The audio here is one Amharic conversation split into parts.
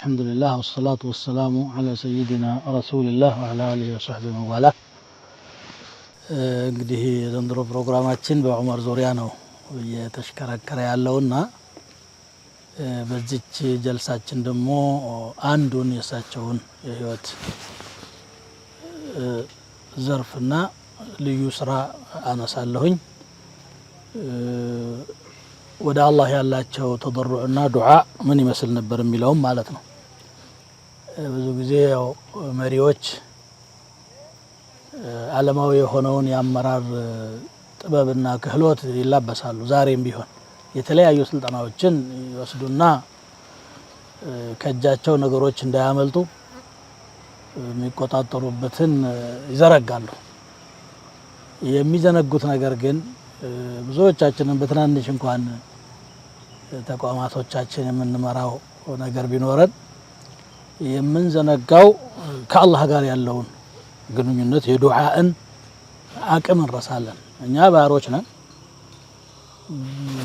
الحمد لله والصلاة والسلام على سيدنا رسول الله وعلى آله وصحبه من والاه እንግዲህ የዘንድሮ ፕሮግራማችን በዑመር ዙሪያ ነው እየተሽከረከረ ያለውና eh, በዚች ጀልሳችን ደግሞ አንዱን የእሳቸውን የህይወት eh, ዘርፍና ልዩ ስራ አነሳለሁኝ። eh, ወደ አላህ ያላቸው ተደሩዕና ዱዓ ምን ይመስል ነበር የሚለውም ማለት ነው። ብዙ ጊዜ ያው መሪዎች አለማዊ የሆነውን የአመራር ጥበብና ክህሎት ይላበሳሉ። ዛሬም ቢሆን የተለያዩ ስልጠናዎችን ይወስዱና ከእጃቸው ነገሮች እንዳያመልጡ የሚቆጣጠሩበትን ይዘረጋሉ። የሚዘነጉት ነገር ግን ብዙዎቻችንም በትናንሽ እንኳን ተቋማቶቻችን የምንመራው ነገር ቢኖረን የምንዘነጋው ከአላህ ጋር ያለውን ግንኙነት የዱዓእን አቅም እንረሳለን። እኛ ባሮች ነን፣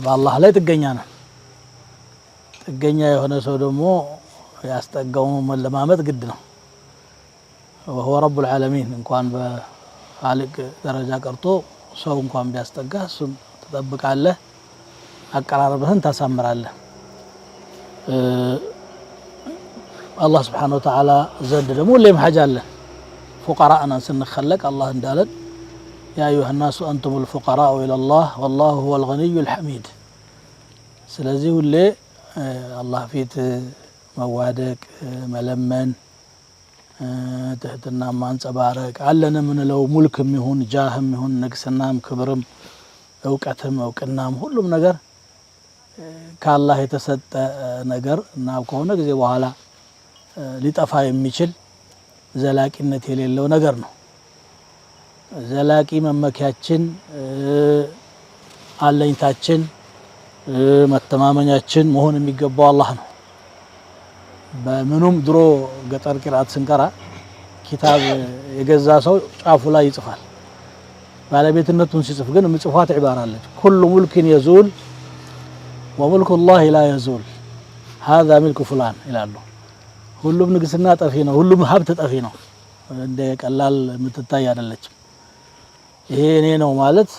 በአላህ ላይ ጥገኛ ነን። ጥገኛ የሆነ ሰው ደግሞ ያስጠጋው መለማመጥ ግድ ነው። ወሁወ ረቡል ዓለሚን እንኳን በኻሊቅ ደረጃ ቀርቶ ሰው እንኳን ቢያስጠጋ እሱም ትጠብቃለህ፣ አቀራረብህን ታሳምራለህ። አላህ ስብሓነ ወተዓላ ዘንድ ደግሞ ሌም ሓጅ አለ ፉቀራ ነን ስንኸለቅ አላህ እንዳለን ያ አዩሃ ናሱ አንቱም ልፉቀራኡ ኢለላህ ወላሁ ሁወ ልገኒዩ ልሐሚድ። ስለዚህ ሁሌ አላህ ፊት መዋደቅ መለመን ትህትና ማንጸባረቅ አለን የምንለው ሙልክም ይሁን ጃህም ይሁን ንግስናም ክብርም እውቀትም እውቅናም ሁሉም ነገር ከአላህ የተሰጠ ነገር እና ከሆነ ጊዜ በኋላ ሊጠፋ የሚችል ዘላቂነት የሌለው ነገር ነው። ዘላቂ መመኪያችን፣ አለኝታችን፣ መተማመኛችን መሆን የሚገባው አላህ ነው። በምኑም ድሮ ገጠር ቂርአት ስንቀራ ኪታብ የገዛ ሰው ጫፉ ላይ ይጽፋል። ባለቤትነቱን ሲጽፍ ግን ምጽፏት ዒባራ አለች። ኩሉ ሙልክን የዙል ወሙልኩ ላህ ላ የዙል ሀዛ ሚልክ ፉላን ይላሉ። ሁሉም ንግስና ጠፊ ነው፣ ሁሉም ሀብት ጠፊ ነው። እንደ ቀላል የምትታይ አይደለችም። ይሄ እኔ ነው ማለት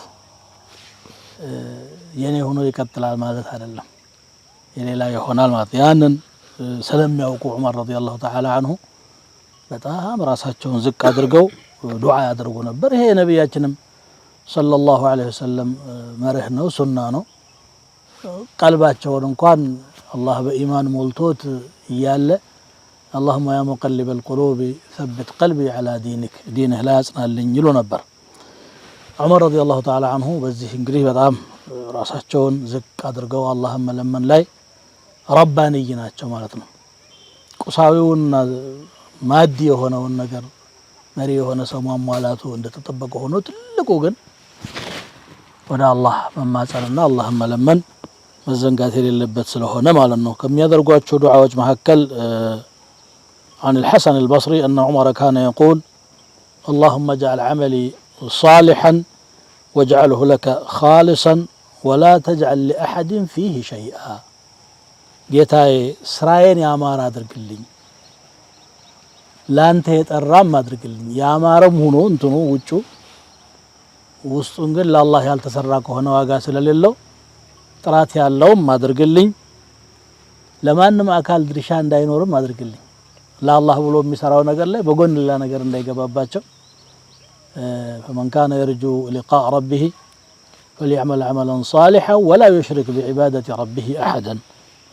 የኔ ሆኖ ይቀጥላል ማለት አይደለም፣ የሌላ ይሆናል ማለት ያንን ስለሚያውቁ ዑመር ረዲየላሁ ተዓላ አንሁ በጣም ራሳቸውን ዝቅ አድርገው ዱዓ ያደርጉ ነበር። ይሄ የነቢያችንም ሰለላሁ ዐለይሂ ወሰለም መርህ ነው፣ ሱና ነው። ቀልባቸውን እንኳን አላህ በኢማን ሞልቶት እያለ አላሁማ ያ ሙቀሊበል ቁሉብ ሰብት ቀልቢ ዐላ ዲኒክ፣ ዲንህ ላይ አጽናልኝ ይሉ ነበር። ዑመር ረዲየላሁ ተዓላ አንሁ በዚህ እንግዲህ በጣም ራሳቸውን ዝቅ አድርገው አላህን መለመን ላይ ረባንይ ናቸው ማለት ነው። ቁሳዊውና ማዲ የሆነውን ነገር መሪ የሆነ ሰው ማሟላቱ እንደተጠበቀ ሆኖ ትልቁ ግን ወደ አላህ መማጸንና አላህን መለመን መዘንጋት የሌለበት ስለሆነ ማለት ነው። ከሚያደርጓቸው ዱዓዎች መካከል عن الحسن البصري أن عمر كان يقول اللهم اجعل عملي صالحا واجعله لك خالصا ولا تجعل لأحد فيه شيئا ጌታዬ ስራዬን ያማረ አድርግልኝ፣ ላንተ የጠራም አድርግልኝ። ያማረም ሁኖ እንትኑ ውጩ ውስጡን ግን ለአላህ ያልተሰራ ከሆነ ዋጋ ስለሌለው ጥራት ያለውም አድርግልኝ። ለማንም አካል ድርሻ እንዳይኖርም አድርግልኝ። ለአላህ ብሎ የሚሰራው ነገር ላይ በጎን ሌላ ነገር እንዳይገባባቸው። ፈመን ካነ የርጁ ሊቃእ ረቢህ ፈልያዕመል ዓመለን ሳሊሐ ወላ ዩሽሪክ ቢዒባደቲ ረቢህ አሐደን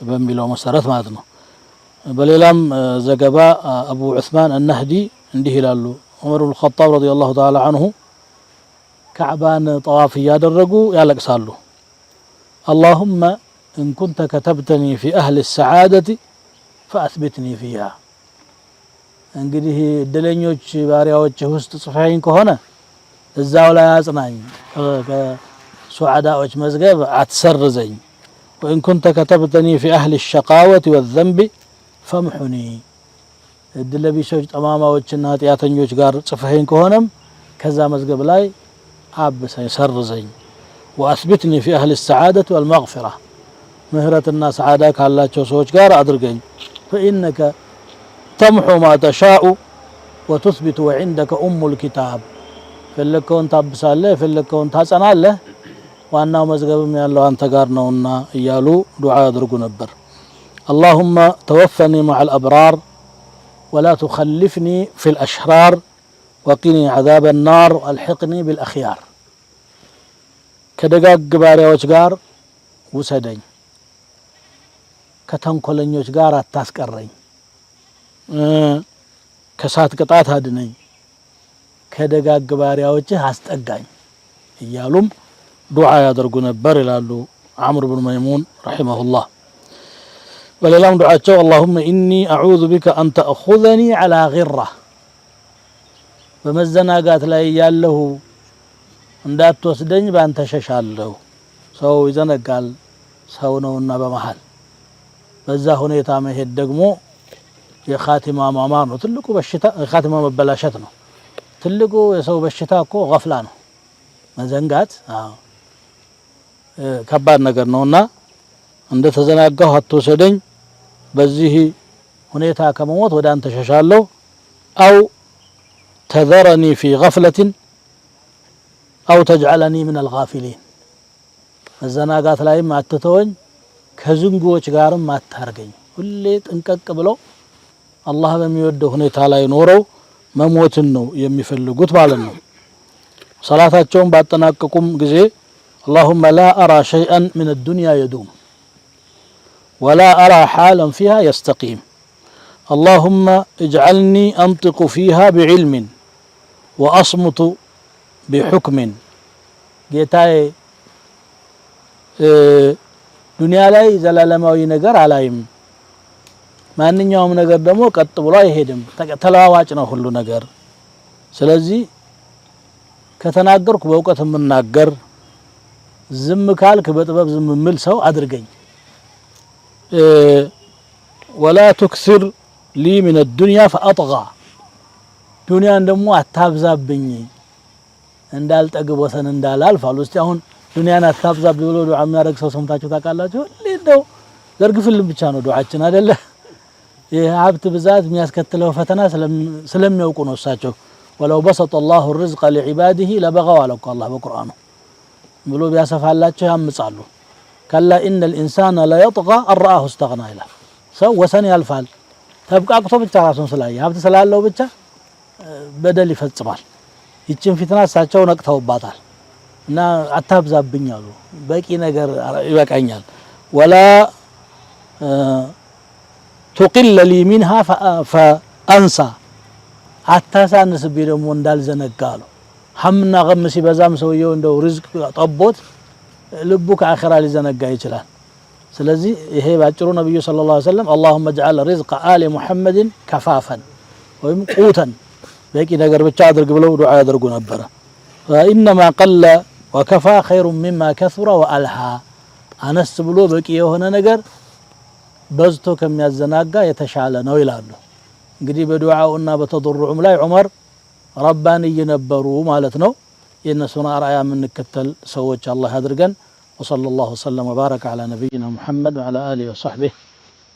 በሚለው መሰረት ማለት ነው። በሌላም ዘገባ አቡ ዑስማን አናህዲ እንዲህ ይላሉ። ዑመር ብን ኸጣብ ረዲየላሁ ተዓላ አንሁ ከዕባን ጠዋፍ እያደረጉ ያለቅሳሉ። አላሁመ እንኩንተ ከተብተኒ ፊ አህል ሰዓደቲ ፈአስቢትኒ ፊሃ። እንግዲህ እድለኞች ባሪያዎች ውስጥ ጽፈኸኝ ከሆነ እዛው ላይ አጽናኝ፣ ከሱዓዳዎች መዝገብ አትሰርዘኝ وإن كنت كتبتني في أهل الشقاوة والذنب فامحني እድለ ቢሶች ጠማማዎችና ኃጢአተኞች ጋር ጽፈኸኝ ከሆነም ከዛ መዝገብ ላይ አብሰኝ ሰርዘኝ ወአስቢትኒ ፊ አህል ሰዓደት ወልመግፊራ ምህረትና ሰዓዳ ካላቸው ሰዎች ጋር አድርገኝ ፈኢነከ ተምሑ ማ ተሻኡ ወቱስቢቱ ወዕንደከ ኡሙ ልኪታብ የፈለግከውን ታብሳለህ የፈለግከውን ታጸናለህ ዋናው መዝገብም ያለው አንተ ጋር ነውና እያሉ ዱዓ ያድርጉ ነበር። አላሁመ ተወፈኒ መዐል አብራር ወላ ትኸልፍኒ ፊል አሽራር ወቂኒ ዐዛበ ናር አልሕቅኒ ቢልአኽያር ከደጋግ ባሪያዎች ጋር ውሰደኝ፣ ከተንኮለኞች ጋር አታስቀረኝ፣ ከሳት ቅጣት አድነኝ፣ ከደጋግ ባሪያዎችህ አስጠጋኝ እያሉም ዱዓ ያደርጉ ነበር ይላሉ አምር ብን መይሙን ረሒመሁላህ። በሌላም ዱዓቸው አላሁመ ኢኒ አዑዙ ቢከ አን ተእኹዘኒ ዐላ ጊራ በመዘናጋት ላይ ያለሁ እንዳትወስደኝ ባንተ ሸሻለሁ። ሰው ይዘነጋል፣ ሰው ነውና በመሃል በዛ ሁኔታ መሄድ ደግሞ የኻቲማ ማማር ነው። ትልቁ በሽታ የኻቲማ መበላሸት ነው። ትልቁ የሰው በሽታ እኮ ገፍላ ነው፣ መዘንጋት ከባድ ነገር ነውና እንደ ተዘናጋሁ አትወሰደኝ። በዚህ ሁኔታ ከመሞት ወደ አንተ ሸሻለሁ። አው ተዘረኒ ፊ ገፍለትን አው ተጅዐለኒ ምን አልጋፊሊን መዘናጋት ላይም አትተወኝ፣ ከዝንጎች ጋርም አታርገኝ። ሁሌ ጥንቀቅ ብለው አላህ በሚወደው ሁኔታ ላይ ኖረው መሞትን ነው የሚፈልጉት ማለት ነው። ሰላታቸውን ባጠናቀቁም ጊዜ اللهم لا أرى شيئا من الدنيا يدوم ولا أرى حالا فيها يستقيم اللهم اجعلني أنطق فيها بعلم وأصمت بحكم دنيا لا ጌታዬ ما ላይ ዘላለማዊ ነገር አላይም። ማንኛውም ነገር دمو ቀጥ ብሎ يهدم ተለዋዋጭ ነው ሁሉ ነገር። ስለዚህ ከተናገርኩ በእውቀት የምናገር ዝም ካልክ በጥበብ ዝም ምል ሰው አድርገኝ። ወላ ቱክሲር ሊ ምን ዱንያ ፈአጥጋ ዱንያን ደግሞ አታብዛብኝ እንዳልጠግብ ወሰን እንዳላልፍ አሉ። እስቲ አሁን ዱንያን አታብዛብ ብሎ ዱዓ የሚያደርግ ሰው ሰምታችሁ ታውቃላችሁ? እንደው ዘርግፍልን ብቻ ነው ዱዓችን አይደለ? የሀብት ብዛት የሚያስከትለው ፈተና ስለሚያውቁ ነው እሳቸው። ወለው በሰጠ ላሁ ርዝቀ ሊዕባዲሂ ለበጋው አለ እኮ አላህ በቁርአኑ ብሎ ቢያሰፋላቸው ያምጻሉ። ከላ ኢነል ኢንሳነ ለየጥጋ አረአሁ ስተግና ይላል። ሰው ወሰን ያልፋል። ተብቃቅቶ ብቻ ራሱን ስላየ ሀብት ስላለው ብቻ በደል ይፈጽማል። ይችን ፊትና እሳቸው ነቅተውባታል እና አታብዛብኝ አሉ። በቂ ነገር ይበቃኛል። ወላ ቱቅለ ሊ ሚንሃ ፈአንሳ አታሳንስብኝ ደግሞ እንዳልዘነጋ አሉ። ሀምና ገም ሲበዛም ሰውየው እንደው ሪዝቅ ጠቦት ልቡ ከአኺራ ሊዘነጋ ይችላል። ስለዚህ ይሄ ባጭሩ ነብዩ ሰለላሁ ዐለይሂ ወሰለም اللهم اجعل رزق آل محمد كفافا ወይም ቁተን በቂ ነገር ብቻ አድርግ ብለው ዱዓ ያደርጉ ነበረ። ኢነማ ቀለ ወከፋ خير مما كثر ወአልሃ አነስ ብሎ በቂ የሆነ ነገር በዝቶ ከሚያዘናጋ የተሻለ ነው ይላሉ። እንግዲህ በዱዓው እና በተضرعም ላይ ዑመር ረባንይ ነበሩ ማለት ነው። የእነሱን አርአያ የምንከተል ሰዎች አላህ አድርገን። ወሰለላሁ ወሰለም ወባረከ ዐላ ነቢይና ሙሐመድ ወዐላ አሊሂ ወሰሕቢህ